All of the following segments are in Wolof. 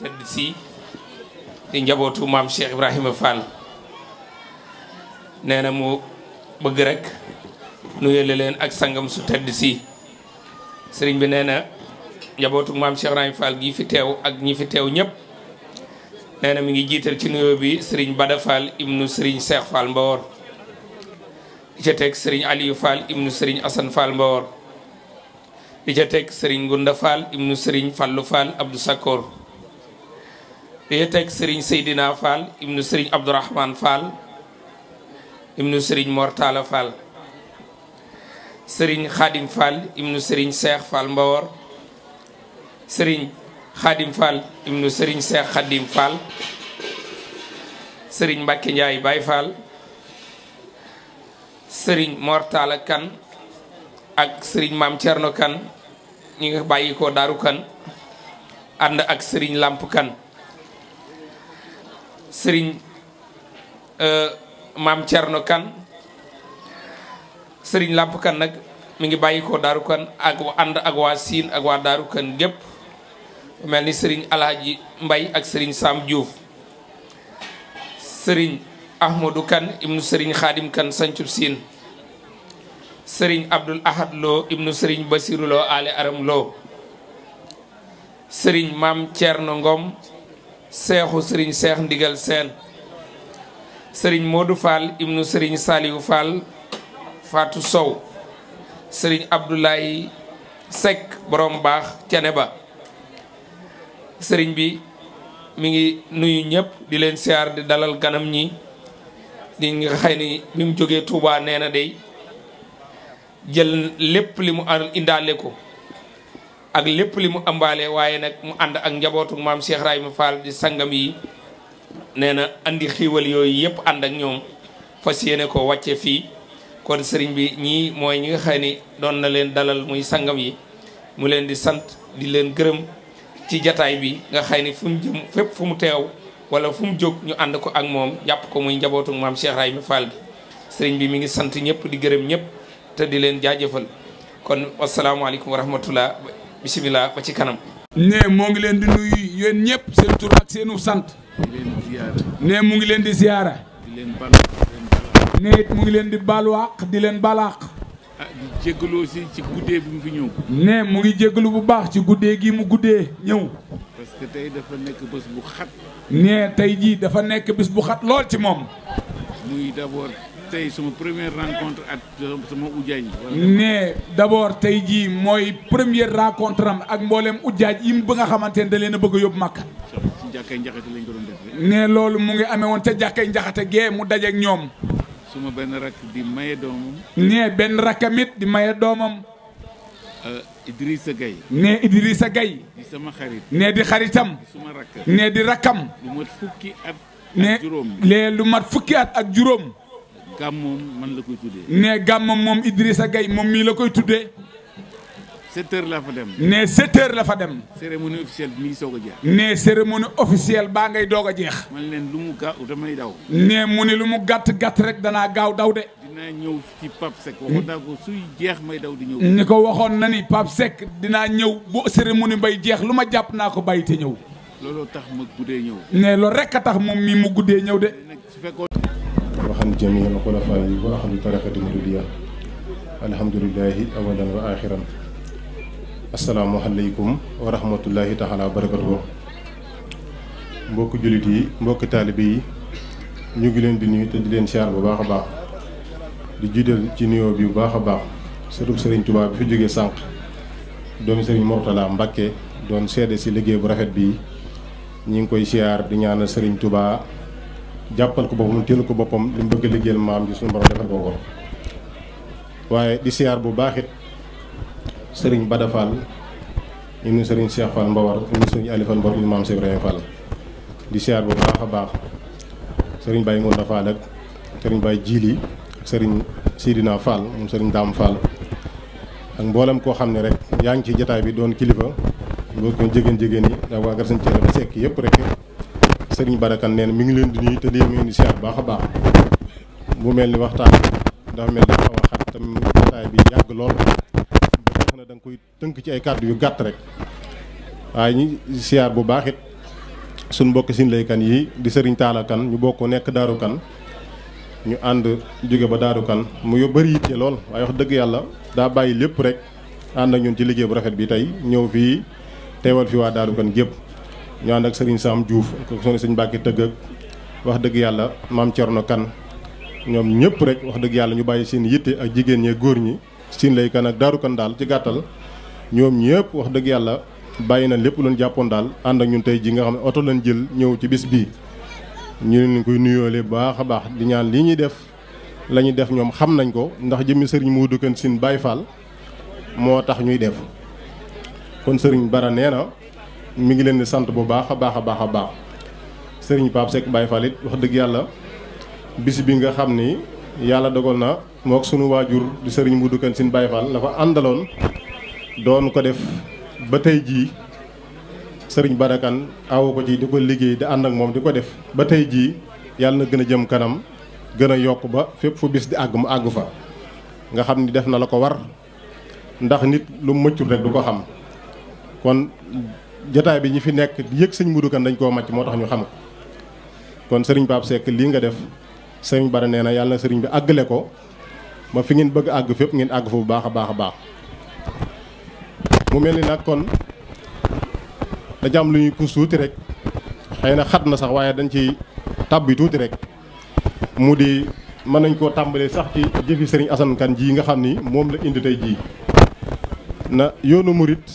tëdd si di njabootu maam Cheikh Ibrahima Fall nee na mu bëgg rek nuyale leen ak sangam su tëdd si sëriñ bi nee na njabootu maam Cheikh Ibrahima Fall gi fi teew ak ñi fi teew ñëpp nee na mi ngi jiital ci nuyoo bi sëriñ Bada Fall ibnu sëriñ Cheikh Fall Mbawor di ca teg sëriñ Aliou Fall ibnu sëriñ Assane Fall Mbawor di ca teg sëriñ Gunda Fall ibnu sëriñ Fallu Fall Abdou Sakor di ca teg sëriñ Seydina Fall ibnu sëriñ Abdourahman Fall ibnu sëriñ Mortala Fall sëriñ Xaadim Fall ibnu sëriñ Seex Fall Mbawor sëriñ Xaadim Fall ibnu Seex Xaadim Fall sëriñ Mbàkke Njaay Baay Fall sëriñ Mortala kan ak sëriñ maam Thierno kan ñi nga bàyyi daaru kan ànd ak sëriñ làmp kan sëriñ euh, maam Thierno kan sëriñ làmp kan nag mu ngi bàyyi ko daaru kan ak ànd ak waa siin ak waa daaru kan gépp mel ni sëriñ alaaji mbay ak sëriñ Sam Diouf sëriñ ahmadou kan ibnu sëriñ xaadim kan sancub siin sëriñ abdul ahad loo ibnu sëriñ basiru loo ale aram loo sëriñ maam ceerno ngom seexu sëriñ seex ndigal seen sëriñ moodu fall ibnu sëriñ saliwu fall faatu sow sëriñ abdoulaye sekk borom baax cene ba sëriñ bi mu ngi nuyu ñëpp di leen siyaar di dalal ganam ñi di nga xëy ni bi mu jógee Touba nee na day jël lépp li mu àndal indaale ko ak lépp li mu ambaale waaye nag mu ànd ak njabootu maam Cheikh Rahima Fall di sangam yi nee na andi xiiwal yooyu yëpp ànd ak ñoom fas yéene ko wàcce fii kon sëriñ bi ñii mooy ñi nga xam ni doon na leen dalal muy sangam yi mu leen di sant di leen gërëm ci jataay bi nga xam ni fu mu jëm fépp fu mu teew wala fu mu jóg ñu ànd ko ak moom jàpp ko muy njabootu maam Cheikh Rahima Fall gi sëriñ bi mi ngi sant ñëpp di gërëm ñëpp te di leen jaajëfal kon asalaamaaleykum wa rahmatullah bisimilah ba ci kanam. ne moo ngi leen di nuyu yéen ñëpp seen tur ak seenu sant. ne mu ngi leen di ziyaara. ne mu ngi leen di baalu di leen balaax. Ah, di jéggalu aussi ci guddee bi mu fi ñëw. ne mu ngi jéggalu bu baax ci guddee gi mu guddee ñëw. parce que tey dafa nekk bés bu xat. ne tey jii dafa nekk bés bu xat lool ci moom. muy d'abord tey sama première rencontre ak sama ujaaj yi. ne d'abord tey jii mooy première rencontre am ak mboolem ujaaj yi mu ba nga xamante ne da leen a bëgg a yóbbu Màkka. ci jàkkay njaxate lañ ko doon loolu mu ngi amee woon ca jàkkay njaxate gee mu dajeek ñoom. suma benn rakk di maye doomam. nee benn rakkamit di maye doomam. Euh, Idrissa Gueye. nee Idrissa Gueye. di sama xarit. nee di xaritam. suma rakk. nee di rakkam. lu mat fukki at. ak juróom lu mat fukki at ak juróom. gàmmoom man la koy tuddee. nee gàmmoom moom Idrissa Gueye moom mii la koy tuddee. sept la fa dem. ne sept heures la fa dem. cérémonie officielle bi mi ngi soog a jeex. ne cérémonie officielle baa ngay doog a jeex. man leen lu mu gaaw damay daw. ne mu ne lu mu gàtt gàtt rek danaa gaaw daw de. dinaa ñëw ci Pape Seck naa ko suy jeex may daw di ñëw. ni ko waxoon na ni Pape sekk dinaa ñëw bu cérémonie bay jeex lu ma jàpp naa ko bàyyi te ñëw. looloo tax ma guddee ñëw. ne loolu rekk a tax moom mii mu guddee ñëw de. su fekkoon. waxam jamiil xulafaa yi wa ahlu tariqati muriidiyya alhamdulillahi awalan wa axiran. asalaamualeykum wa rahmatullahi taala wa barakatuhu mbokki jullit yi mbokki taalibe yi ñu ngi leen di nuyu te di leen siyaar bu baax a baax di jiital ci nuyoo bi bu baax a baax sëtub sëriñ tubaa bi fi jógee sànq doomi sëriñ Mortala mbakke doon seede si liggéey bu rafet bii ñi ngi koy siyaar di ñaanal sëriñ tubaa jàppal ko boppam téel ko boppam li mu bëgg liggéeyal maam ji suñu borom defal ko ko waaye di siyaar bu baaxit sëriñ Bada Fall ibnu sëriñ Cheikh Fall Mbawar ibnu sëriñ Ali Mbawar ibnu maam Cheikh Ibrahima di siyaar bu baax a baax sëriñ Baye Ngounda Fall ak sëriñ Baye Jili ak sëriñ Sidina Fall mu sëriñ Daam Fall ak mboolem koo xam ne rek yaa ngi ci jataay bi doon kilifa boo ko jigéen jigéen yi ak waa gar sëñ ba sekk yëpp rek sëriñ Badakan nee na mi ngi leen di nuyu te di leen di siyaar bu baax a baax bu mel ni waxtaan dafa mel dafa xat tam jataay bi lool ngi koy tënk ci ay kàddu yu gàtt rek waaye ñu siyaar bu baax it suñ mbokk sin laykan yi di sëriñ taala kan ñu bokk nekk daaru kan ñu ànd jóge ba daaru kan mu yo bëri yitte lool waaye wax dëgg yàlla daa bàyyi lépp rek ànd ak ñun ci liggéey bu rafet bi tey ñëw fii teewal fi waa daaru kan gépp ñu ànd ak sëriñ Sam Diouf ak soni sëñ Mbàkke tëgg ak wax dëgg yàlla maam Cerno kan ñoom ñëpp rek wax dëgg yàlla ñu bàyyi seen yitte ak jigéen ñee góor ñi siin lay kan ak daaru kan daal ci gàttal ñoom ñëpp wax dëgg yàlla bàyyi na lépp luñ jàppoon daal ànd ak ñun tey ji nga xam ne oto lañ jël ñëw ci bis bii ñu leen koy nuyoole baax a baax di ñaan lii ñuy def lañuy def ñoom xam nañ ko ndax jëmmi sëriñ Modou Kane Sine Baye Fall moo tax ñuy def kon sëriñ Bara nee na mu ngi leen di sant bu baax a baax a baax a baax sëriñ Pape Seck Baye Fall wax dëgg yàlla bis bi nga xam ni yalla dogal na mok sunu wajur di serigne mudou Kan sin baye fall dafa andalon doon ko def ba tay ji serigne Badakan awu ko ci di liggey di and ak mom di ko def ba tay ji yalla na gëna jëm kanam gëna yok ba fépp fu bis di ag mu ag fa nga xamni def na la war ndax nit lu mëccul rek du ko xam kon jotaay bi ñi fi nek yek serigne mudou Kan dañ ko macc motax ñu xam kon serigne pap sek li nga def sëriñ Bara nee na yàlla na sëriñ bi àggale ko ma fi ngeen bëgg àgg fépp ngeen àgg fa bu baax a baax a baax mu mel ni nag kon da jàmm lu ñuy puus tuuti rek xëy na xat na sax waaye dañ ci tàbbi tuuti rek mu di mën nañ koo tàmbalee sax ci jëfi sëriñ Assane Kane jii nga xam ni moom la indi tey jii na yoonu murit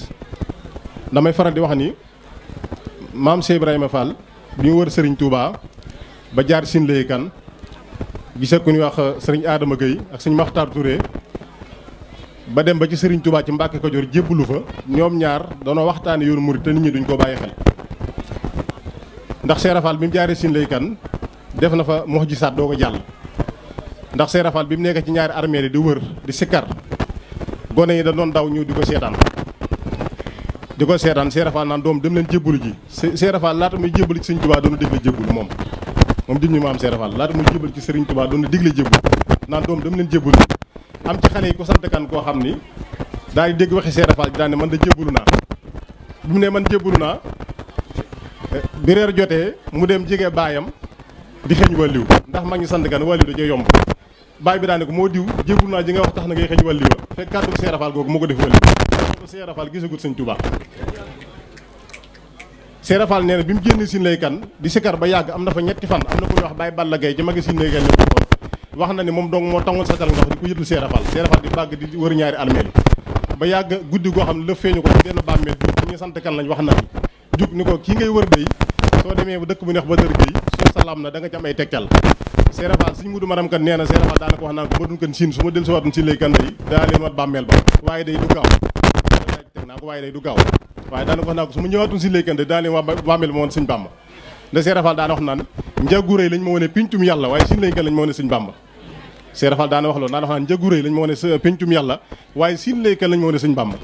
damay faral di wax ni maam Cheikh Ibrahima Fall bi mu wër sëriñ Touba ba jaar lay Kane gisee ku ñu wax euh, sëriñ aadama Gueye ak sëriñ Makhtar Touré ba dem ba ci sëriñ Touba ci Mbàkke Kajoor jébbalu fa ñoom ñaar danoo waxtaane yoonu murit te nit ñi duñ ko bàyyi xel ndax Cheikh Rafal bi mu jaaree Sine kan def na fa mox ji saat ko jàll ndax Cheikh bi mu nekk ci ñaari armée yi di wër di sikkar gone yi da doon daw ñëw di ko seetaan di ko seetaan Cheikh Rafal naan doom dem leen jébbalu ji Cheikh Rafal laata muy jébbalu ci sëriñ Touba doon dégg la jébbalu moom moom junj maam Cheikh laa laata muy jébal ci Serigne Touba doon na digle jébul naan doom dam leen jébul am ci xale yi ko sant kan koo xam ni daa di dégg waxi Cheikh Fall daan ne man da jébulu naa bi mu ne man jébulu naa bi reer jotee mu dem jege baayam di xëñ wàlliw ndax mag ñi sant kan wàlliw da cee yomb baay bi daane ko moo diw jébul naa ji nga wax tax na ngay xëñ wàlliw la fekk kàddu Cheikh Fall googu moo ko def wàlliw Cheikh Fall gisagut Serigne Touba Seera Fall nee bi mu génn Sine lay kan di sikar ba yàgg am na fa ñetti fan am na ku ñuy wax Baye Balla Gaye ci magi Sine lay kan wax na ne moo tàngoon satal ndox di ko yëtlu Seera Fall Seera Fall di bàgg ba yàgg guddi goo xam ne la feeñu ko ci benn sant kan lañ wax na fi jug ko kii ngay wër day soo demee ba dëkk bu neex ba dër géy soo salaam na da nga ci am ay tegtal Seera Fall suñ mudu maram kan nee na Seera Fall daanaka wax naa ko ma dun kan Sine su ma del si waatun Sine lay kan day daa leen bàmmeel ba waaye day du gaaw naa ko waaye day du gaaw waaye daana ko wax naa ko su ma ñëwaatoon si léykante daa leen waa bàmmeel ma woon sëñ bàmba nda Seex Rafal daana wax naan njagure yi lañ ma wone pincum yàlla waaye siin léykante lañ ma wone sëñ bàmba Seex Rafal wax loolu daana wax naan njagure lañ ma wone pincum yàlla waaye siin léykante lañ ma wone sëñ bàmba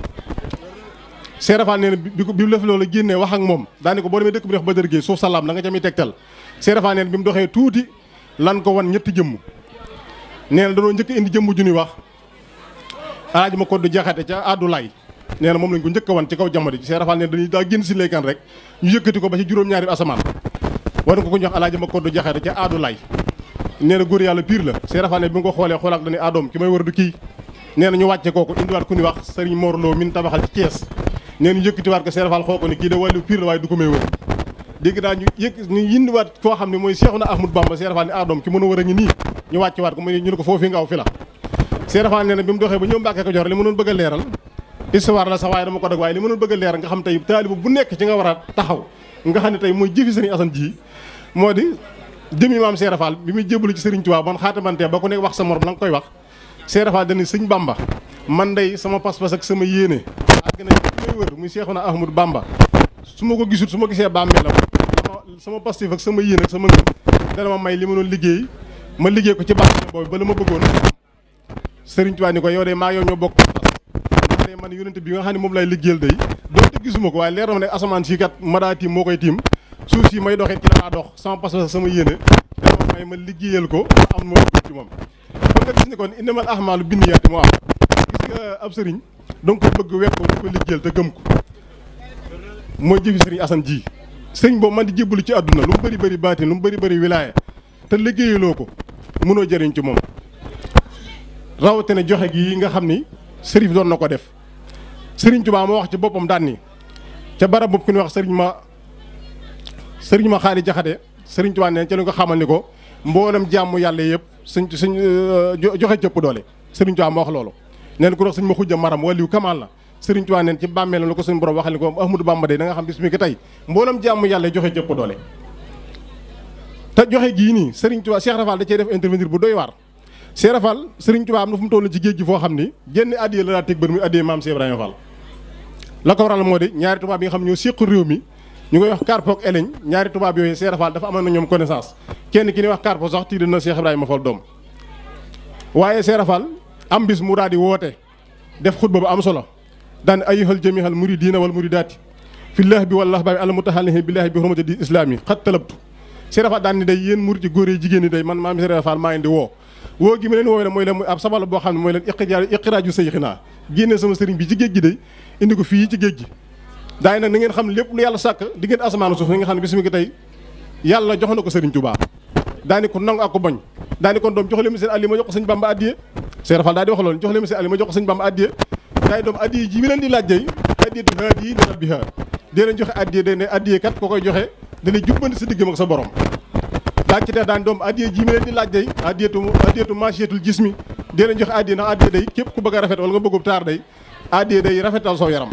Seex Rafal bi bi lëf la génnee wax ak moom daane ko boo demee dëkk bi def Badar Géey suuf salaam da nga ca muy tegtal Seex Rafal nee na bi mu doxee tuuti lan ko wan ñetti jëmm nee na danoo njëkk indi jëmm ju ñuy wax alaaj ma ko du jaxate ca àddulaay nee na moom lañ ko njëkk a wan ci kaw jamono ji Cheikh Rafal dañuy daa génn si leekan rek ñu yëkkati ko ba ci juróom-ñaari asamaan wan ko ko ñox alaaji ma koddu na góor yàlla piir la Cheikh bi nga ko xoolee xoolaat dañu aadoom ki war du kii nee na ñu wàcce kooku indiwaat ku ñuy wax sëriñ morloo min tabaxal waaye ko may wër dégg daa ñu xam ne mooy Cheikhouna Ahmadou Bamba Cheikh war a ngi nii ñu wàccewaat ko mu ñu ne ko foofu nga li mu doon leeral histoire la sax waaye dama ko dog waaye li mënul bëgg a leer nga xam tey taalibu bu nekk ci nga war a taxaw nga xam ne tey mooy jëfi sëriñ Asan ji moo di jëmi maam Seera Faal bi muy jébbalu ci sëriñ Tuubaa bon xaatamante ba ku nekk wax sa morom la nga koy wax Seera Faal dañu sëñ Bamba man day sama pas-pas ak sama yéene àgg na may wër muy Seexuna Ahmadu su ma ko gisut su ma gisee bàmmeelam sama pastif ak sama yéene sama ngëm dana ma may li ma doon liggéey ma liggéey ko ci bàmmeelam boobu ba la ma bëggoon sëriñ Tuubaa ni ko yow de maa yow ñoo bokk ne man yonent bi nga xam ne moom lay liggéeyal day donte gisuma ko waaye leer na ma ne asamaan si kat ma daa tiim moo koy tiim suuf si may doxee ci la laa dox sama pas sama yéene may ma liggéeyal ko am ma ko ci moom kon nga gis ne kon innamal ahmaalu moo am gis nga ab sëriñ donc bëgg wekk ko ko liggéeyal te gëm ko mooy jëfi sëriñ Assane ji sëriñ boobu man di jébbalu ci àdduna lu mu bari bëri baatin lu mu bari bari wilaaya te liggéeyaloo ko mënoo jëriñ ci moom rawatina joxe gi nga xam ni sërif na ko def Serigne Touba moo wax ci boppam daan ni ca barab boobu ku ñuy wax Serigne ma Serigne ma xaali jaxate Serigne Touba nee ca lu nga xamal ni ko mboolem jàmm yàlla yëpp suñ suñ joxe cëpp doole Serigne Touba moo wax loolu. neen ku dox suñ ma xujja maram waliyu kamaal la Serigne Touba neen ci bàmmeelam la ko suñu borom waxal ni ko Ahmadou Bamba de da nga xam bis mi ko tey mboolem jàmm yàlla joxe cëpp doole. te joxe gii nii sëriñ Touba Cheikh Rafal da cee def intervenir bu doy waar Cheikh Rafal Serigne na fu mu toll ci géej gi foo xam ni génn addiya la daa teg bër muy la ko waral moo di ñaari tubaab yi nga xam ñoo séqu réew mi ñu koy wax Carpo ak Eleñ ñaari tubaab yooyu Cheikh Fall dafa amoon na connaissance kenn ki ni wax Carpo sax tiital na Cheikh Ibrahima Fall doom waaye Cheikh Fall am bis mu daal di def xutba bu am solo daan ayyuhal jamihal muridina wal muridaati fillah bi wallah baabi al mutahallihin billahi bi hurmati di islami xat talabtu Cheikh Fall daan ni day yéen murid yi jigéen ñi day man maam Cheikh Fall maa ngi di woo gi ma leen woowee ne mooy ab sabal boo xam ne mooy leen iqraaju sayxinaa génne sama sëriñ bi ci gi day indi ko fii ci géej gi daay nag na ngeen xam lépp lu yàlla sàkk di ngeen asamaanu suuf ni nga xam ne bis mi ngi tey yàlla jox na ko Serigne Touba daani ko nangu ak ko bañ daani kon doom jox leen seen àll yi ma jox ko sëñ Bamba addiye Serigne Fall daal di wax loolu jox leen seen àll yi ma jox ko sëñ Bamba addiye daay doom addiye ji leen di laajjey addiye du haat yi li rabbiha dee leen joxe addiye day ne addiye kat ko koy joxe dana jubbanti sa diggam ak sa borom daag ci te daan doom addiye ji mi leen di laajjey addiyetu addiyetu machiyetul gis mi dee leen joxe addiye ndax képp ku bëgg a nga bëggub taar addiye day rafetal soo yaram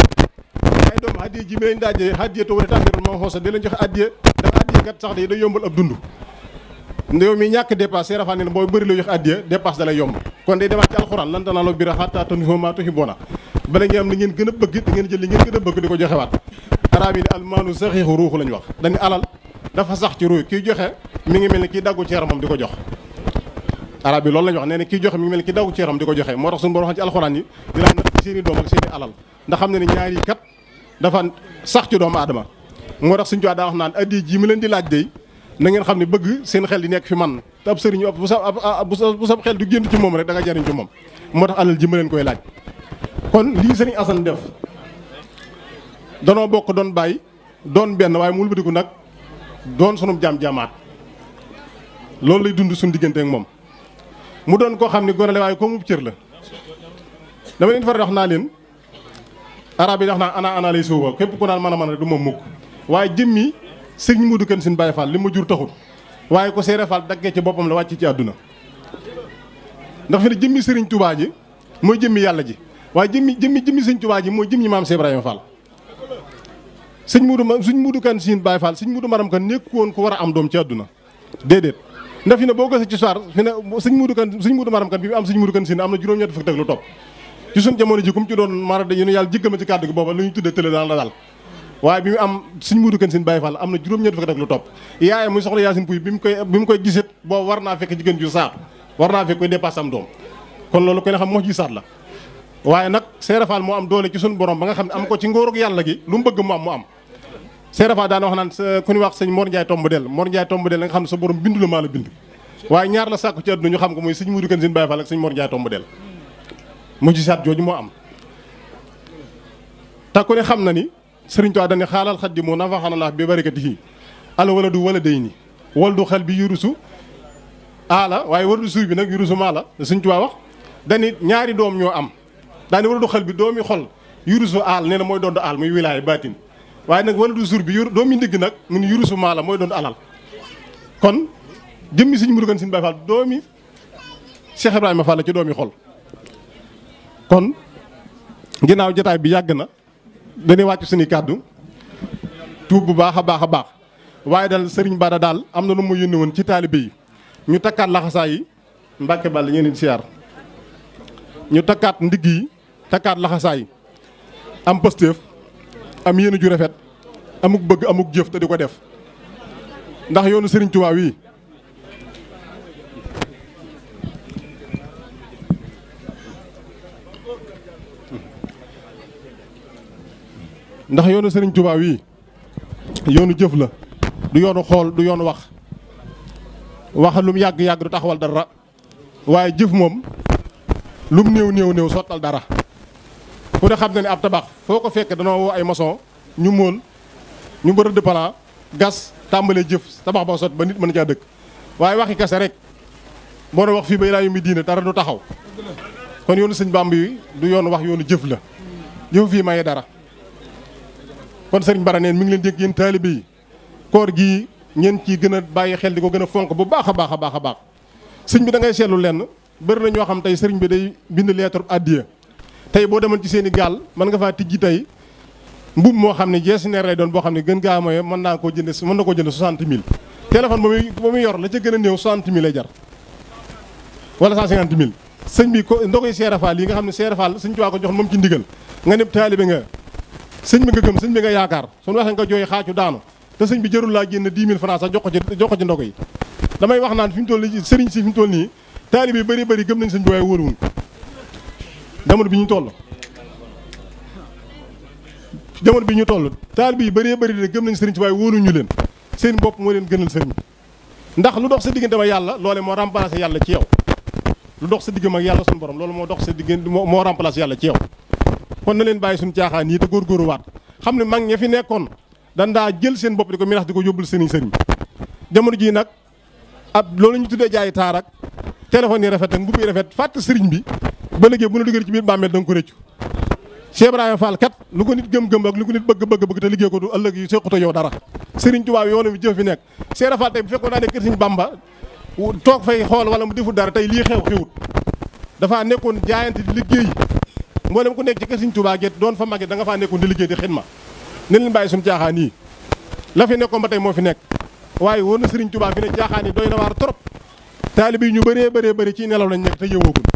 waaye doom addiye ji mi lañ daaje addiye to wala tàmbirul moom xoosa di lañ joxe addiye ndax addiye kat sax day day yombal ab dund ndew mi ñàkk dépasse seerafaa ne boo bëri la joxe addiye dépasse da lay yomb kon day demaat ci alxuraan lan tanaaloo bira xataa tanfiqu maa tuhibbuuna bala gën a bëgg da ngeen jël li ngeen gën a bëgg di ko joxewaat arab yi ne almaanu saxiixu ruuxu lañ wax dañu alal dafa sax ci ruux kiy joxe mi ngi mel ni kii daggu ci yaramam di ko jox arab yi loolu lañ wax nee na kiy joxe mi ngi mel ko joxe moo tax suñu seeni doom ak seeni alal ndax xam ne ne ñaar kat dafa sax ci doomu aadama moo tax suñu jox daa wax naan addi ji mu leen di laaj day na ngeen xam ne bëgg seen xel di nekk fi man te ab sëriñu bu sa xel du génn ci moom rek da nga jariñ ci moom moo tax alal ji ma leen koy laaj kon lii sëriñ Assane def danoo bokk doon bàyyi doon benn waaye mu wëlbatiku nag doon sunu jaam jaamaat loolu lay dund suñu diggante moom mu doon koo xam ne gone la waaye la dama leen faral wax naa leen arab yi wax naa ana ana lay suuba képp ku naan mën a mën a du ma mukk waaye jëmmi sëñ Modou Kane Sine Baye Fall li ma jur taxul waaye ko Seere Fall daggee ci boppam la wàcc ci àdduna ndax fi ne jëmmi sëriñ Touba ji mooy jëmmi yàlla ji waaye jëmmi jëmmi jëmmi sëñ Touba ji mooy jëmmi maam Cheikh Ibrahima Fall sëñ Modou ma sëñ Modou Kane Sine Baye Fall sëñ Modou Maram Kane nekk woon ku war a am doom ci àdduna déedéet ndax fi ne boo gisee ci soir fi ne sëñ na juróom-ñett fukk teg ci suñ jamono ji kum ci doon mara de yéen yàlla jéggal ma ci kàddu gi booba lu ñu tuddee tële daan la daal waaye bi mu am suñ mudu kan seen Baye Fall na juróom ak lu topp yaayam muy soxla Yaasin Puy la waaye nag Seera Fall moo am doole ci suñ borom xam ne am ko ci ngóorug yàlla gi lu mu bëgg mu am mu am Seera Fall daana wax naan ku ñu wax sëñ Mor tomb del mujjisaat jooju moo am te ku ne xam na ni Sëriñ Tuubaa dañu xaalal xaddimu nafaxanallah bi barakatihi ala wala du wala day bi yurusu aala waaye wardu suuy bi nag yurusu maa la Sëriñ Tuubaa wax dañu ñaari doom ñoo am dañ wala du xel bi doomi xol yurusu al nee na mooy doon aal muy wilaay baatin waaye nag wala du bi yor doomi ndigg nag mu yurusu maa la mooy alal kon jëmmi Sëriñ Mudu Kan Sëriñ Baay Cheikh Ibrahima Fall ci doomi xol kon ginnaaw jotaay bi yàgg na dañuy wàcc suñu kàddu tuub bu baax a baax a baax waaye dal sëriñ Bada daal am na lu mu yónni woon ci taalibe yi ñu takkaat laxasaay yi mbàkke bàll ñu leen siyaar ñu takkaat ndigg yi takkaat laxasaay yi am pëstéef am yéene ju rafet amuk bëgg amuk jëf te di ko def ndax yoonu sëriñ Tuubaa wi ndax yoonu Serigne Touba wii yoonu jëf la du yoonu xool du yoonu wax wax mu yàgg-yàgg du taxawal dara waaye jëf moom lu mu néew néew néew sottal dara ku ne xam na ne ab tabax foo ko fekke danoo woo ay maçon ñu móol ñu ba rëdd gas tàmbalee jëf tabax ba sot ba nit mën caa dëkk waaye waxi kese rek boo doon wax fii ba ilaa yu mi diine dara du taxaw kon yoonu sëñ Bàmb yi du yoonu wax yoonu jëf la jëf fii maye dara kon sëriñ Bara neen mi ngi leen di yëg yéen taalibe yi koor gii ngeen ci gën a bàyyi xel di ko gën a fonk bu baax a baax a baax a baax sëñ bi da ngay seetlu lenn bëri na ñoo xam tey sëriñ bi day bind lettre addiya tey boo demoon ci seen i gaal mën nga faa tijji tey mbub moo xam ne jeesi neer lay doon boo xam ne gën gaa mooy mën naa koo jënd mën na koo jënd 60 000 téléphone ba muy ba muy yor la ca gën a néew 60 000 lay jar wala 150 000 sëñ bi ko ndokoy seerafaal yi nga xam ne seerafaal sëñ tuwaa ko joxoon moom ci ndigal nga nepp taalibe nga sëñ bi nga gëm sëñ bi nga yaakaar suñu waxee nga jooy xaacu daanu te sëñ bi jërul laa génn 10 000 francs sax jox ko ci jox ko ci ndogo yi damay wax naan fi mu toll nii sëriñ si fi mu toll nii taalib yi bëri bëri gëm nañ sëñ bi waaye bi ñu toll jamono bi ñu toll taalib yi bëree bëri de gëm nañ sëriñ si waaye leen seen bopp moo leen gënal sëriñ bi ndax lu dox sa diggante ma yàlla loole moo remplacé yàlla ci yow lu dox sa diggam ak yàlla suñu borom loolu moo dox sa diggante moo remplacé yàlla ci yow kon na leen bàyyi suñu caaxaan yi te góorgóoruwaat xam ne mag ña fi nekkoon dan daa jël seen bopp di ko mirax di ko yóbbul sëriñ sëriñ jamono jii nag ab loolu ñu tuddee jaay taar ak téléphone yi rafet ak mbubb yi rafet fàtte sëriñ bi ba léegi bu na duggee ci biir bàmmeel da nga ko rëccu Cheikh Ibrahima kat lu ko nit gëm-gëm ak lu ko nit bëgg bëgg bëgg te liggéey ko du ëllëg yu sequto yow dara sëriñ Tuubaa bi mi jëf fi nekk Cheikh Rafal tey bu fekkoon toog fay xool wala mu defut dara tey lii xew xewut nekkoon jaayante di mboolem ku nekk ci kër Sëriñ Tuubaa gétt doon fa màgget da nga faa nekkoon ni liggéey di xidma ne leen bàyyi suñu caaxaan yi la fi nekkoon ba tey moo fi nekk waaye wóor na Sëriñ Tuubaa fi ne caaxaan doy na waar trop taalibe yi ñu bëree bëree bëri ci nelaw lañ nekk te yëwoogul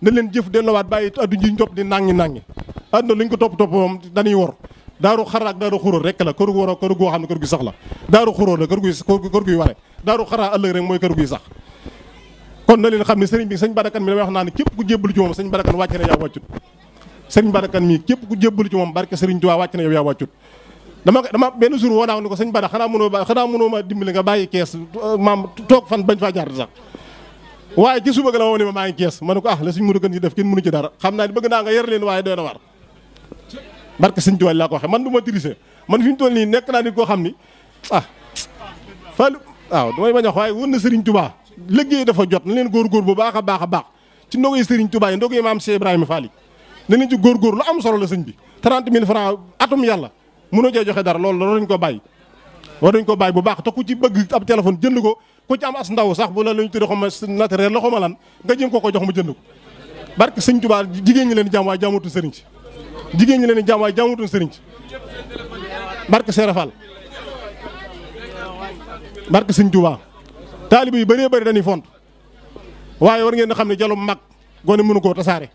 ne leen jëf delloowaat bàyyi addu ji ñu topp di nangi nangi àdduna lu ko topp topp moom dañuy wor daaru xaraak daaru xuróor rek la kër gu war a kër goo xam ne kër gu sax la daaru xuróor la kër guy kër guy ware daaru xaraa ëllëg rek mooy kër sax kon na leen xam ne sëriñ bi sëñ Badakan mi damay wax naa ne képp ku jébbalu ci moom sëñ Badakan wàcc na yaa wàccut sëriñ Badakan mii képp ku jébbalu ci moom barke sëriñ Tuubaa wàcc na yow yaa wàccut dama dama ko sëñ Bada xanaa mënoo ba xanaa ma dimbali nga bàyyi kees maam toog fan bañ faa jaar sax waaye ci suba ga la woo ne ma maa ngi kees ma ko ah la suñ mënu gën ci def kenn mënu ci dara xam naa ni bëgg naa nga yar leen waaye doy na war barke sëñ Tuubaa laa ko waxe man du ma tricher man fi mu toll nii nekk naa nit koo xam ni ah Fallou waaw damay bañ waaye wër na sëriñ Tuubaa liggéey dafa jot na leen góorgóor bu baax a baax a baax ci ndogoy Serigne Touba yi ndogoy maam Cheikh Ibrahima Fall yi na leen ci góorgóor lu am solo la sëñ bi 30 000 francs atum yàlla mënoo cee joxe dara loolu loolu dañ ko bàyyi war dañ ko bàyyi bu baax te ku ci bëgg ab téléphone jënd ko ku ci am as ndaw sax bu la la ñu tuddee a naturel la a lan nga jëm ko ko jox ma jënd ko barke sëñ Touba jigéen ñi leen jàmm waaye jàmmatu sëriñ si jigéen ñi leen jàmm waaye jàmmatu sëriñ si barke Serafal barke sëñ Touba taalibe yu bëree bëri dañuy font waaye war ngeen na xam ne jalum mag gone mënu koo tasaare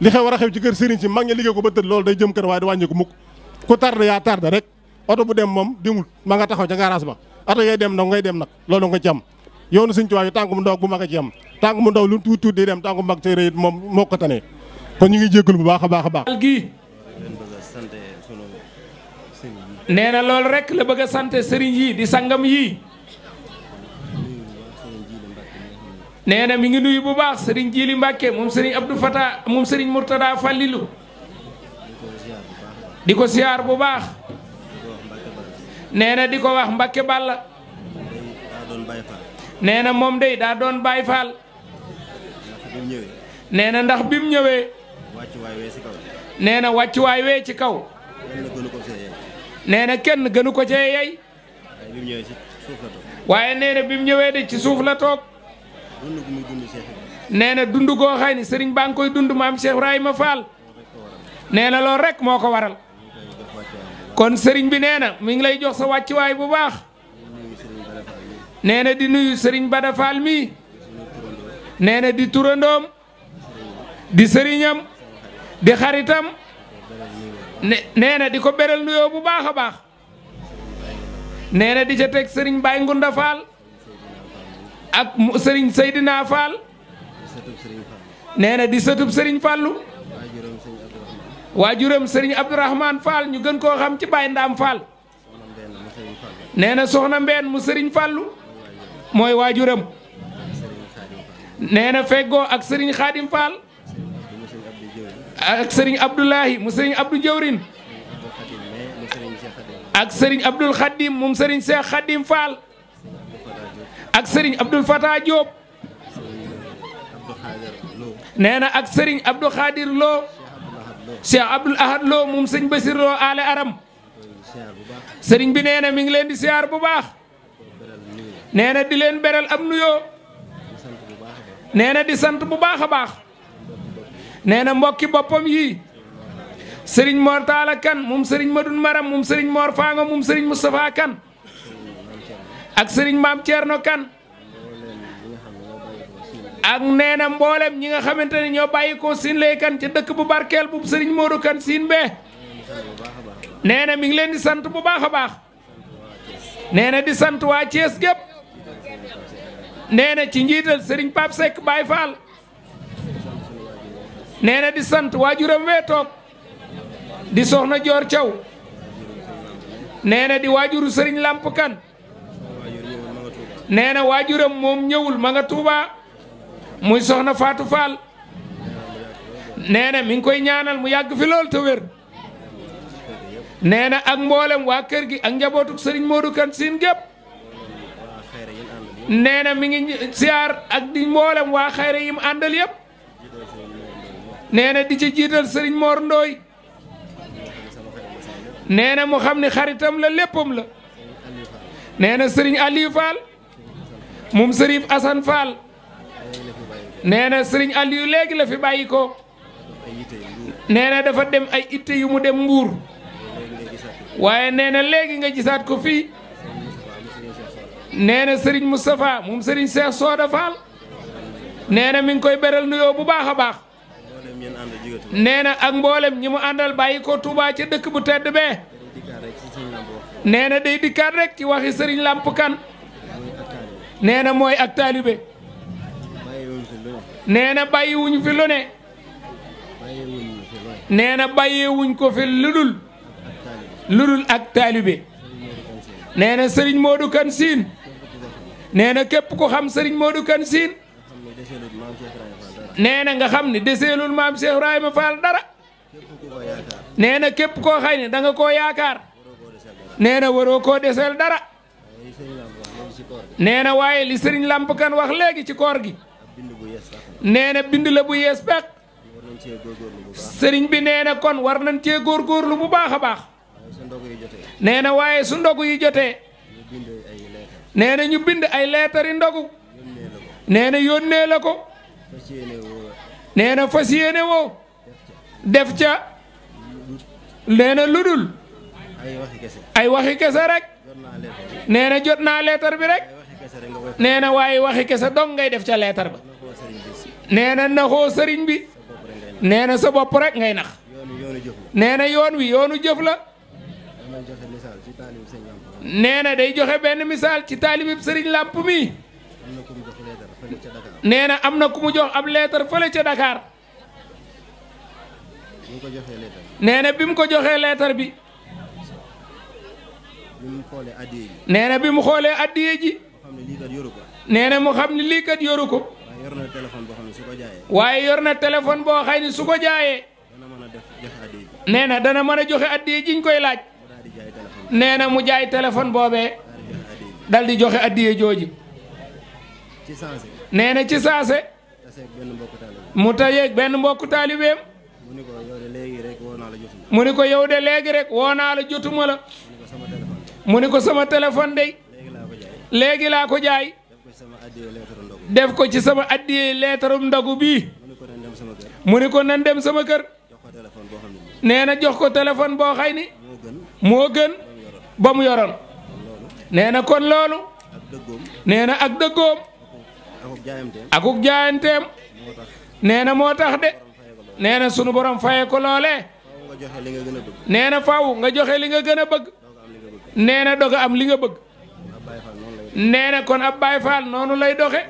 li xew war a xew ci kër sëriñ si mag ña liggéey ko ba tëdd loolu day jëm kër waaye du wàññi ko mukk ku tarde yaa tarde rek oto bu dem moom demul ma nga taxaw ca garage ba oto yooy dem nag ngay dem nag loolu nga ci am yoonu sëriñ Tuubaa yi tànk mu ndaw bu mag a ci am mu ndaw lu tuut tuut di dem tànk mu mag te rëyit moom moo ko tane kon ñu ngi jégalu bu baax a a baax nee la bëgg a sant sëriñ yi di sangam yi nee na mi ngi nuyu bu baax sëriñ Jili Mbàkke moom sëriñ Abdou Fata moom sëriñ Murtada Fàllilu di ko siyaar bu baax nee na di ko wax Mbàkke Balla nee na moom day daa doon Baay Faal na ndax bi mu ñëwee nee na wàccuwaay wee ci kaw nee na kenn gënu ko cee yey waaye nee na bi mu ñëwee de ci suuf la toog nee na dund goo xay sëriñ baa ngi koy dund maam Cheikh Ibrahima Fall nee na loolu rek moo ko waral kon sëriñ bi nee na mi ngi lay jox sa wàccuwaay bu baax nee na di nuyu sëriñ Bada Fall mii nee na di turandoom di sëriñam di xaritam nee na di ko beral nuyoo bu baax a baax nee na di ca teg sëriñ Baye Ngunda Fall ak sëriñ Seydina Fall nee di sëtub sëriñ Fallu waajuram sëriñ Abdourahman Fall ñu gën koo xam ci Baye Ndaam Fall nee soxna Mbeen mu sëriñ Fallu mooy waajuram nee na feggoo ak sëriñ Xaadim Fall ak sëriñ Abdoulahi mu sëriñ Abdou Jawrin ak sëriñ Abdoul Xadim moom sëriñ Cheikh Xadim Fall ak Serigne Abdul Fatah Diop neena ak Serigne Abdou Khadir Lo Cheikh Abdul Ahad Lo mum serigne Basir Lo ale aram Serigne bi neena mi ngi len di siyaar bu baax neena di len beral am nuyo neena di sante bu baax a baax nee mbokki bopam yi Serigne mortala kan mum Serigne madun Maram mum Serigne Mor Fanga mum Serigne mustafa kan ak sëriñ maam Thierno Kane ak nee na mboolem ñi nga xamante ne ñoo bàyyi ko siin lay kan ci dëkk bu barkeel bu sëriñ Modou kan siin bee nee na mi ngi leen di sant bu baax a baax nee na di sant waa Thiès gépp nee na ci njiital sëriñ Pape Seck Baye Fall nee na di sant waajuram wee toog di soxna Dior Thiaw nee na di waajuru sëriñ Lamp kan nee na waajuram moom ñëwul ma nga Touba muy soxna faatu Fall nee mi ngi koy ñaanal mu yàgg fi lool te wér nee na ak mboolem waa kër gi ak njabootuk sëriñ Modou Kane Sine gépp nee na mi ngi siyaar ak di mboolem waa xayre yim àndal yépp nee na di ci jiital sëriñ Mor Ndooy nee na mu xam ni xaritam la léppam la nee sëriñ Aliou Fall moom Serif Assane Fall nee na Serigne Aliou léegi la fi bàyyi ko nee dafa dem ay itte yu mu dem Mbuur waaye nee na léegi nga gisaat ko fii nee na Serigne Moustapha moom Serigne Cheikh Soda Fall nee na mi ngi koy beral nuyoo bu baax a baax nee na ak mboolem ñi mu àndal bàyyi ko Touba ca dëkk bu tedd bee nee na dikkaat rek ci waxi Serigne Lamp Kan nee na mooy ak taalibe nee na bàyyiwuñ fi lu ne nee na bàyyiwuñ ko fi ludul ludul ak taalibe nee na Serigne Modou Kane Sine nee na képp ku xam sëriñ Modou Kane Sine nee na nga xam ne deseelul maam Cheikh Ibrahima Fall dara nee na képp koo xay ne da nga koo yaakaar nee waroo koo deseel dara nee na waaye li sëriñ làmp kan wax léegi ci koor gi. nee na bind la bu yees peq. sëriñ bi nee na kon war nañ cee góor góorgóorlu bu baax a baax. nee na waaye su ndogu yi jotee. nee na ñu bind ay leetari ndogu. nee na yónnee la ko. nee na fas yéene woo. def ca. nee na ludul. ay waxi kese rek. nee na jot naa leetar bi rek nee na waaye waxi kese dong ngay def ca leetar ba nee na naxoo sëriñ bi nee na sa bopp rek ngay nax nee na yoon wi yoonu jëf la nee na day joxe benn misaal ci taalibib sëriñ làmp mi nee na am na ku mu jox ab leetar fële ca dakaar nee bi mu ko joxee leetar bi nee na bi mu xoolee addiye ji. nee na mu xam ne lii kat yoru ko. waaye yor na téléphone boo xay ni su ko jaayee. nee na dana mën a joxe addiye ji ñu koy laaj. nee na mu jaay téléphone boobee. dal di joxe addiye jooji. nee na ci saase. mu tayeeg benn mbokku taalibeem. mu ni ko yow de léegi rek woo la jotuma la. mu ni ko yow de léegi rek woo naa la jotuma la. mu ni ko sama téléphone dey léegi laa ko jaay def ko ci sama addiyee leetarum ndogu bii mu ni ko nan dem sama kër nee na jox ko téléphone boo xay ni moo gën ba mu yoroon nee na kon loolu nee na ak dëggoom akuk jaayanteem nee na moo tax de nee na sunu borom faye ko loolee nee na faw nga joxe li nga gën a bëgg nee na doog am li nga bëgg nee na kon ab Baye Fall noonu lay doxe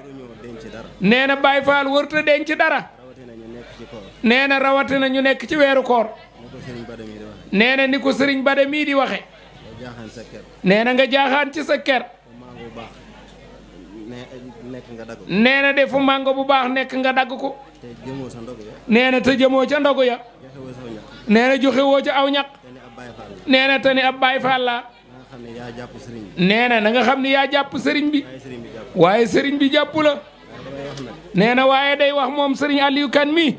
nee na Baye Fall warut a denc dara nee na rawatina ñu nekk ci weeru koor nee na ni ko Serigne Bada mii di waxe nee na nga jaaxaan ci sa ker nee na de fu mango bu baax nekk nga dagg ko nee na te jëmoo ca ndogu ya nee na joxewoo ca aw ñaq nee na ab Baye Fall nee na na nga xam ni yaa jàpp sëriñ bi waaye sëriñ bi jàpp la nee na waaye day wax moom sëriñ Aliou kan mi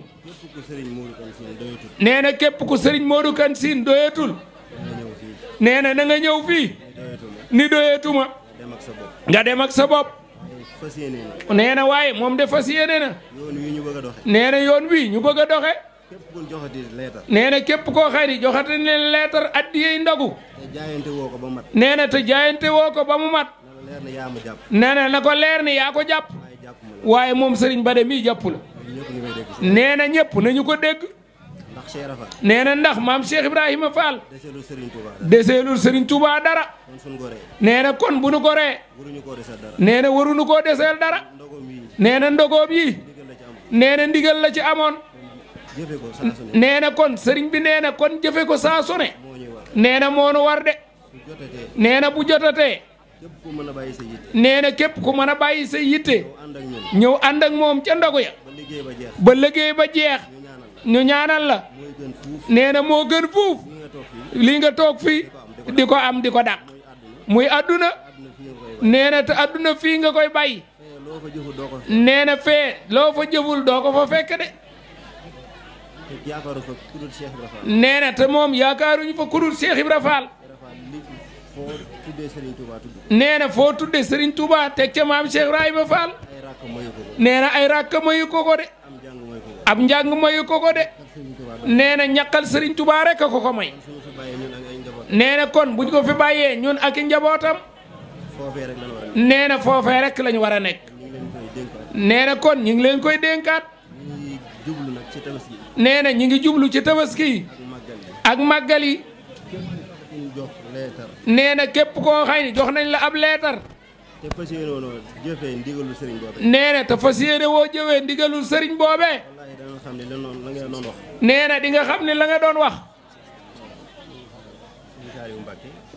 nee na képp ku sëriñ Modou Kane Sine doyatul nee na na ñëw fii ni doyatuma nga dem ak sa bopp nee na waaye moom de fa yéene na nee yoon wi ñu bëgg doxe nee na képp koo xay di joxati ne leetar addiyey ndogu. nee na te jaayante woo ko ba mu mat. nee na na ko leer ni yaa ko jàpp. waaye moom sëriñ Bada mii jàpp la. nee na ñëpp nañu ko dégg. nee na ndax maam Cheikh Ibrahima Fall. deseelul sëriñ Touba dara. nee na kon bu nu goree. nee na waruñu koo deseel dara. nee na ndogoom yi. nee na ndigal la ci amoon. nee na kon sëriñ bi nee na kon jëfe ko saa su ne nee na moo nu war de nee na bu jotatee nee na képp ku mën a bàyyi sa yitte ñëw ànd ak moom ca ndogu ya ba liggéey ba jeex ñu ñaanal la nee na moo gën fuuf lii nga toog fii di ko am di ko dàq muy àdduna nee na te àdduna fii nga koy bàyyi nee na fee loo fa jëful doo ko fa fekk de nee na te moom yaakaaruñu fa kudul Cheikh Ibra Fall. nee foo tuddee Serigne Touba teg ca maam Cheikh Ibrahima Fall. nee na ay rakk mayu ko ko de. ab njàng mayu ko ko de. nee na ñaqal Serigne Touba rek a ko ko may. nee na kon buñ ko fi bàyyee ñun ak i njabootam. nee na foofee rek lañ war a nekk. nee na kon ñu ngi leen koy dénkaat. jublu nee ñi ngi jublu ci tabaski ak magali yi kep ko xayni jox nañ la ab leetar te fas yéene woo jëfee ndigalul sëriñ boobee. nee na te fas yéene woo jëfee ndigalul sëriñ boobee. nee na di nga xamni la nga doon wax.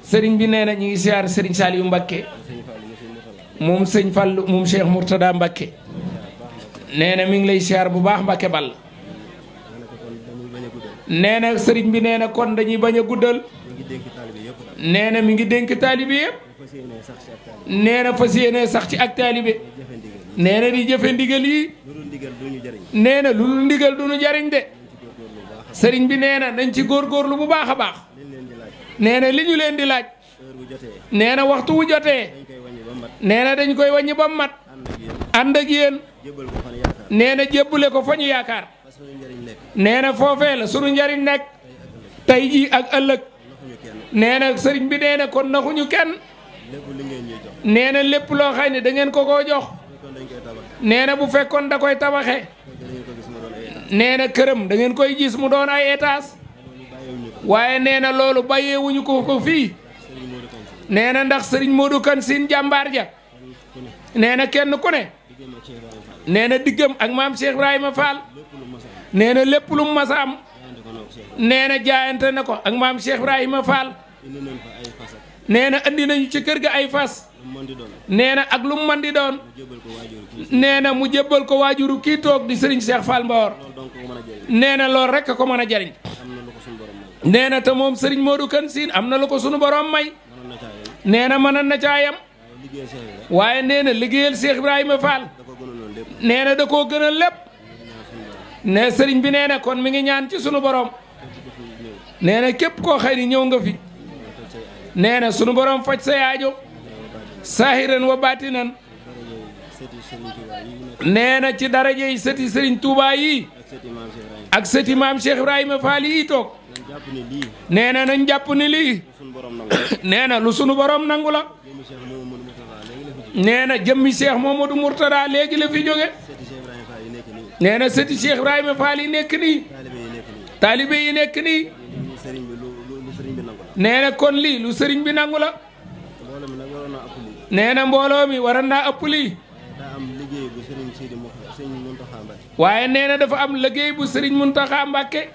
serigne bi nee ñi ngi siyaar serigne Saliou Mbakke. mom serigne Fall mom Cheikh murtada Mbakke. nee mi ngi lay siyaar bu baax Mbakke Ball. nee na sëriñ bi nee na kon dañuy bañ a guddal. nee na mi ngi dénk taalibe yëpp. nee na fas yéenee sax ci ak taalibe. nee na di jëfe ndigal yi. nee na lu dul ndigal du jariñ de. sëriñ bi nee na nañ ci góorlu bu baax a baax. nee na li ñu leen di laaj. nee na waxtu wu jotee. nee na dañ koy wàññi ba mat. ànd ak yéen. nee na jébbale ko fa ñu yaakaar. nee na la sunu njariñ nekk tey jii ak ëllëg nee na sëriñ bi nee na kon naxuñu kenn nee na lépp loo xay ne da ngeen ko koo jox nee na bu fekkoon da koy tabaxee nee na këram da ngeen koy gis mu doon ay étage waaye nee na loolu bàyyeewuñu ko ko fii nee na ndax sëriñ Modou Kane Sine jàmbaar ja nee na kenn ku ne nee diggam ak maam Cheikh Ibrahima Fall. nee na lépp lu mu mas a am. nee na jaayante na ko ak maam Cheikh Ibrahima Fall. nee na andi nañu ci kër gi ay fas. nee na ak lu mu mën di doon. nee na mu jébbal ko waajuru kii toog di Serigne Cheikh Fall Mbawar. nee na loolu rek ko mën a jariñ nee na te moom Serigne Modou kën siin am na lu ko sunu borom may. nee na a na caayam. waaye nee na liggéeyal Cheikh Ibrahima Fall. nee na da ko gënal lépp. ne sëriñ bi nee na kon mi ngi ñaan ci sunu borom nee na képp koo xëy ni ñëw nga fi nee na borom faj sa yaajo saahiran wa baatinan nee na ci daraje yi sëti sëriñ Touba yi ak sëti maam Cheikh Ibrahima Fall yi toog nee na nañ jàpp ni lii nee na lu sunu borom nangu la nee na jëmmi Cheikh Momadou Mourtada léegi la fi jóge nee na sëti Cheikh Ibrahima Fall yi nekk nii. taalibe yi nekk nii. nee kon lii lu sëriñ bi nangu la. nee na mbooloo mi waroon naa ëpp lii. waaye nee na dafa am liggéey bu sëriñ Muntaxa Mbàkke.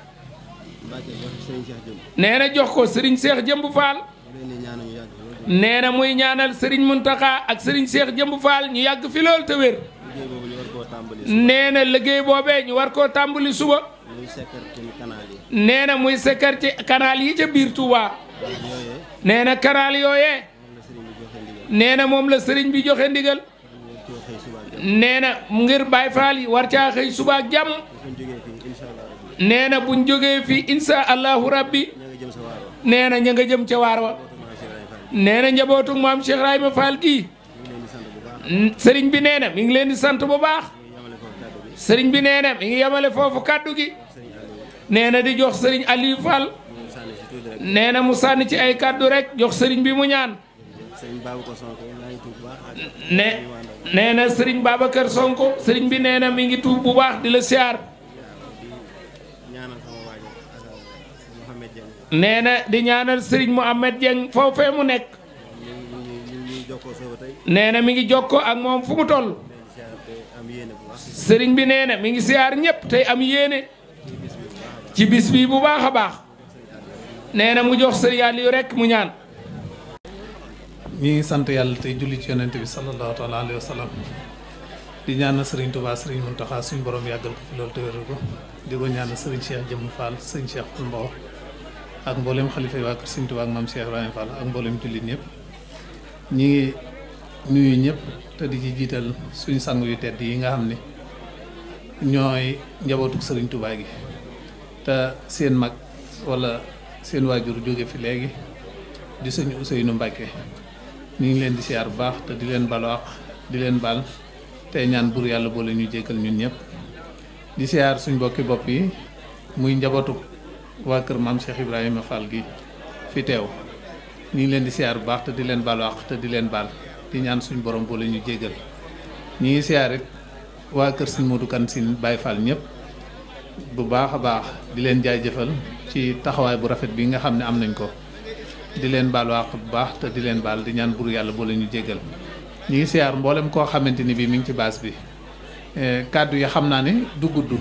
nee jox ko sëriñ Cheikh Jëmb Fall. nee na muy ñaanal sëriñ Muntaxa ak sëriñ Cheikh Jëmb faal ñu yàgg fi te wér. nee na liggéey boobee ñu war koo tàmbali suba. nee na muy sekkar ci canal yi ca biir Touba. nee na canal yooyee. nee na moom la sëriñ bi joxe ndigal. nee na ngir Baay Faal yi war caa xëy suba ak jàmm. nee na buñ jógee fii insha allahu rabbi. nee na ña nga jëm ca waar wa. nee na maam Cheikh Ibrahima Fall gii. sëriñ bi nee na mi ngi leen sant bu baax. Sering bi nee mi ngi yamale fofu kaddu gi nee di jox serigne ali Fall nee mu sanni ci ay kaddu rek jox serigne bi mu ñaan ne serigne babakar Sonko serigne bi nee mi ngi tuub bu baax di le siar nee di ñaanal serigne mohammed jeng foofee mu nek nee mi ngi joko ak mom fu mu toll sëriñ bi nee na mi ngi siyaar ñëpp tey am yéene ci bis bii bu baax a baax nee na mu jox sëriñ Aliou rek mu ñaan. mi ngi sant yàlla tey julli ci yonent bi sallallahu taala alayhi wa sallam di ñaanal sëriñ Touba sëriñ Mountakha suñu borom yàggal ko fi loolu te wéral ko di ko ñaanal sëriñ Cheikh Jëmm Fall sëriñ Cheikh Fall ak mboolem xalifa yi waa kër sëriñ Touba ak maam Cheikh Ibrahima Fall ak mboolem jullit ñëpp ñi nuyu ñëpp te di ci jiital suñu sangu yu tedd yi nga xam ne ñooy njabootuk sëriñ gi te seen mag wala seen waajur jóge fi léegi di sëñ Ousseynou Mbacké ñu ngi leen di siyaar bu baax te di leen di leen bal tey ñaan bur yàlla boole ñu jéggal ñun ñëpp di siyaar suñ bokki bopp yi muy njabootu waa kër maam Cheikh Ibrahima Fall gi fi teew ñu ngi leen di siyaar bu baax te di leen balwaax te di leen bal di ñaan suñ borom bo ñu jéggal ñi ngi siyaare wa kër suñ Modou kan sin bay Fall ñep bu baaxa baax di leen jëfël ci taxaway bu rafet bi nga xamne am nañ ko di leen bal wax bu baax te di leen bal di ñaan bur yalla bo ñu jéggal ñi ngi siyaar mboolem koo xamante mi ngi ci bi euh kaddu ya xamna ne du guddu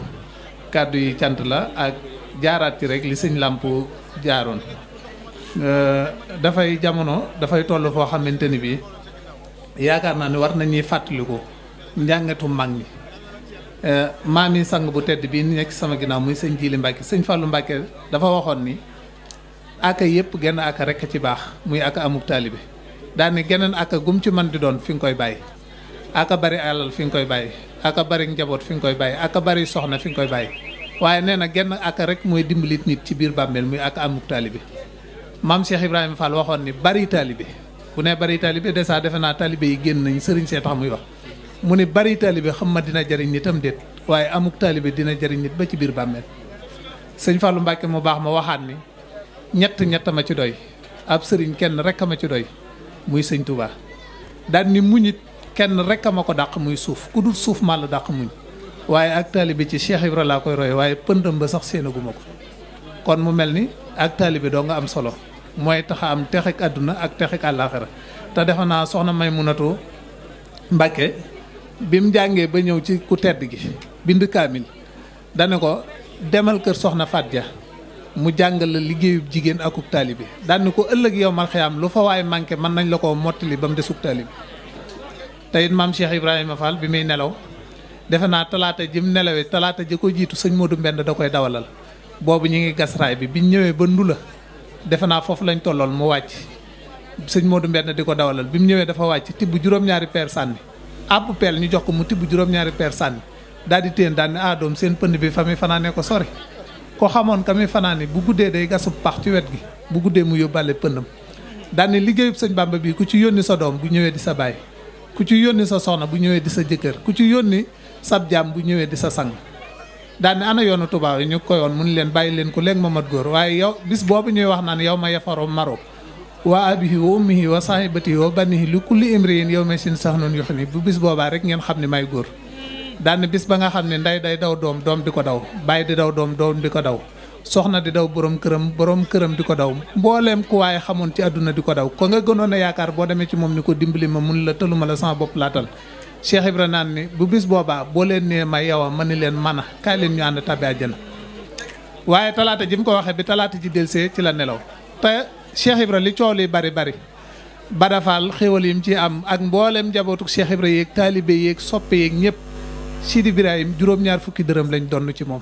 kaddu yi cant la ak jaarati rek li sëñ eh, jamono dafai toll foo xamante teni bi yaakaar naa ni war nañuy fàttaliku njàngatu mag ñi euh, maam yi sang bu tedd bii nekk sama ginnaaw muy sëñ Jili Mbàkke sëñ Fàllu Mbàkke dafa waxoon ni aka yëpp genn aka rekk ci baax muy aka amuk taalibe daani geneen aka gum ci man di doon fi nga koy bàyyi aka bari alal fi nga koy bàyyi aka bari njaboot fi nga koy bàyyi aka bari soxna fi nga koy bàyyi waaye nee na genn aka rek mooy dimbalit nit ci biir bàmmeel muy aka amuk taalibe maam Cheikh Ibrahima Fall waxoon ni bari taalibe bu ne bari taalibe de defe naa taalibe yi génn nañ sëriñ see tax muy wax mu ne bari taalibe xam ma dina jariñ nitam déet waaye amuk taalibe dina jariñ nit ba ci biir bàmmeel sëñ Fallou Mbacke mu baax ma waxaat ni ñett ñett ma ci doy ab sëriñ kenn rek a ma ci doy muy sëñ Touba daan ni muñit kenn rek a ma ko dàq muy suuf ku suuf maa dàq muñ waaye ak taalibe ci Cheikh Ibra laa koy roy waaye pëndam ba sax séenaguma ko kon mu mel ni ak taalibe doo nga am solo mooy tax a am texek àdduna ak texek àllaaxira te defe naa soxna may Maymunatu Mbàkke bi mu jàngee ba ñëw ci ku tedd gi bind kaamil dane ko demal kër soxna Faat Ja mu jàngal la liggéeyub jigéen akub taalibe daan ko ëllëg yow mal xiyaam lu fa waay manqué mën nañ la ko mottali ba mu desub taalibe tey it maam Cheikh Ibrahima Fall bi muy nelaw defe naa talaata ji mu nelawee talaata ji ko jiitu sëñ Modou Mbend da koy dawalal boobu ñu ngi gas raay bi biñ ñëwee ba defe naa foofu lañ tollool mu wàcc sëñ Modou Mbenn di ko dawalal bi mu ñëwee dafa wàcc tibb juróom-ñaari peer sànni àpp peel ñu jox ko mu tibb juróom-ñaari peer sànni daal di téen daal ne ah, seen pënd bi fa muy fanaanee ko sori ko xamoon ka muy fanaane bu guddee day gasub pax ci wet gi bu guddee mu yóbbaale pëndam daal ne liggéeyub sëñ Bàmba bi ku ci yónni sa doom bu ñëwee di sa baay ku ci yónni sa soxna bu ñëwee di sa jëkkër ku ci yónni sab jaam bu ñëwee di sa sang daan ne ana yoonu tubaab yi ñu ko yoon mu ni leen bàyyi leen ko léegi ma mat góor waaye yow bis boobu ñuy wax naan yow ma yafaru maru wa abihi wa ummihi wa sahibatihi wa banihi li kulli imriin yow ma sin sax noonu yox ni bu bis boobaa rek ngeen xam ne may góor daan ne bis ba nga xam ne nday day daw doom doom di ko daw bàyyi di daw doom doom di ko daw soxna di daw borom këram borom këram di ko daw mbooleem ku waaye xamoon ci àdduna di ko daw ko nga gënoon yaakaar boo demee ci moom ni ko dimbali ma mun la tëlu ma la sama bopp laatal Cheikh Ibra naan ni bu bis boobaa boo leen nee ma yow a ma ni leen man a kaay leen ñu ànd tàbbi àjjana waaye talaata ji mu ko waxee bi talaata ji delsee ci la nelaw te Cheikh Ibra li coow li bari bari badafal xéwal yim ci am ak mboolem njabootuk Cheikh Ibra yeeg taalibe yeeg soppe yeeg ñëpp Sidi Birahim juróom-ñaar fukki dërëm lañ donn ci moom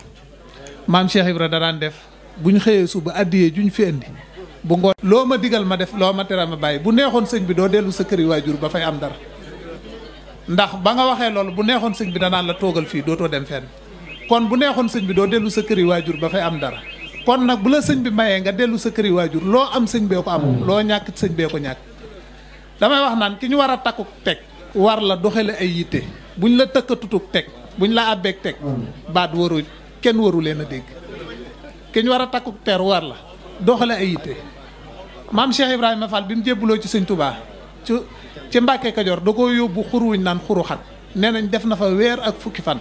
maam Cheikh Ibra da daan def bu ñu xëyee suba addiyee juñ fi indi bu ngoon loo ma digal ma def loo ma tere ma bàyyi bu neexoon bi doo dellu sa kër waajur ba fay am dara ndax ba nga waxee loolu bu neexoon sëñ bi na danaan la toogal fii dootoo dem fenn kon bu neexoon sëñ bi doo dellu sa këri waajur ba fay am dara kon nag bu la sëñ bi mayee nga dellu sa këri waajur loo am sëñ bee ko am loo ñàkk sëñ bee ko ñàkk damay wax naan ki ñu war a takku teg war la doxale ay yitte buñ la tëkkatutug teg buñ la àbbeeg teg baat waru kenn waru leen a dégg ki ñu war a takku teer war la doxale ay yitte maam Cheikh Ibrahima Fall bi mu ci sëñ Touba ci Mbàkke Kajoor da ko yóbbu xur wuñ naan xuru xat nee nañ def na fa weer ak fukki fan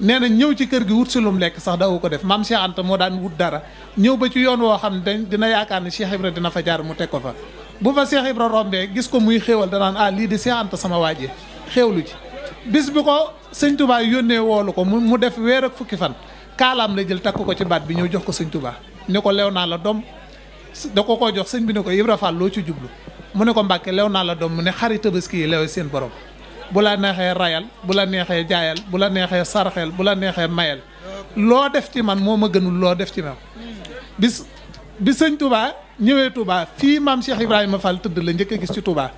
nee na ñëw ci kër gi wut si lum lekk sax dawu ko def maam Cheikh Anta moo daan wut dara ñëw ba ci yoon woo xam ne dañ dina yaakaar ne Cheikh Ibra dina fa jaar mu teg ko fa bu fa Cheikh Ibra rombee gis ko muy xéewal danaan ah lii di Cheikh sama waaje xéewlu ci bis bi ko sëñ Touba yónnee woolu ko mu def weer ak fukki fan kaalaam la jël takk ko ci baat bi ñëw jox ko sëñ ne ko lew naa la doom da ko jox sëñ bi ne ko Ibra Fall loo ci jublu mu ne ko mbàkke lew naa la doom mu ne xari tabaski yi lewe seen borom bu la neexee rayal bu la neexee jaayal bu la neexee sarxeel bu la neexee mayal loo def ci man moo ma gënul loo def ci man bis bi sëñ Touba ñëwee Touba fii maam Cheikh Ibrahima Fall tëdd la njëkk a gis ci Touba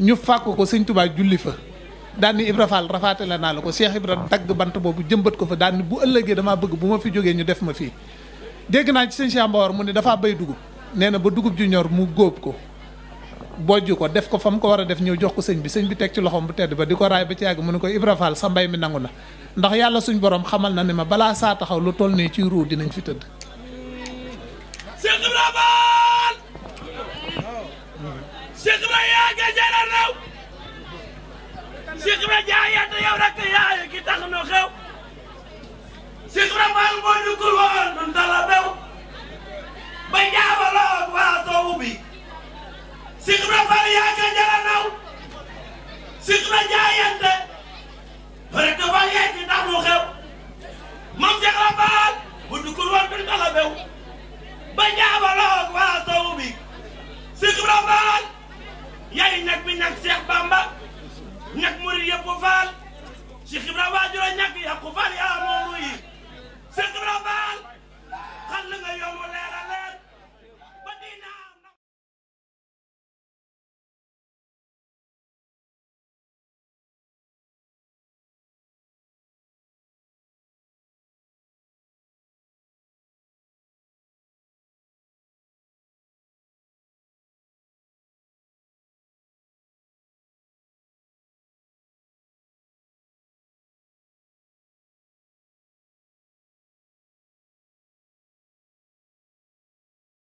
ñu fàkk ko sëñ Touba julli fa daan ni Ibra Fall rafaate la naa la ko Cheikh Ibrahima dagg bant boobu jëmbat ko fa daan bu ëllëgee damaa bëgg bu ma fi jógee ñu def ma fii dégg naa ci sëñ Cheikh mu ne dafaa bay dugub nee na ba dugub ju ñor mu góob ko bojju ko def ko fam ko wara def ñew jox ko señ bi señ bi tek ci loxom bu tedd ba diko ray ba ci yag mu ne ko Ibra Fall sa mbay mi nanguna ndax yalla suñ borom xamal na ne ma bala sa taxaw lu toll nii ci ruu dinañ fi tedd Cheikh Ibra Fall Cheikh Ibra ya yaa jara raw Cheikh Ibra ja ya te yow rek ya ki tax no xew Cheikh Ibra Fall mo ñu ko woon ndala bew ba lo wa so ubi Sikra Fall yaa ka jara naw Sikra jaayante bare dafa yegg ndax mu xew moom Sikra Fall bu dugul woon duñ ko la bew ba jaabaloo ak waa sow bi Sikra Fall yaay ñag bi ñag Cheikh Bamba ñag murid yëpp Fall Cheikh Ibrahima waajur a ñag yàqu Fall yaa moomu yi Sikra Fall xal nga yomb leerale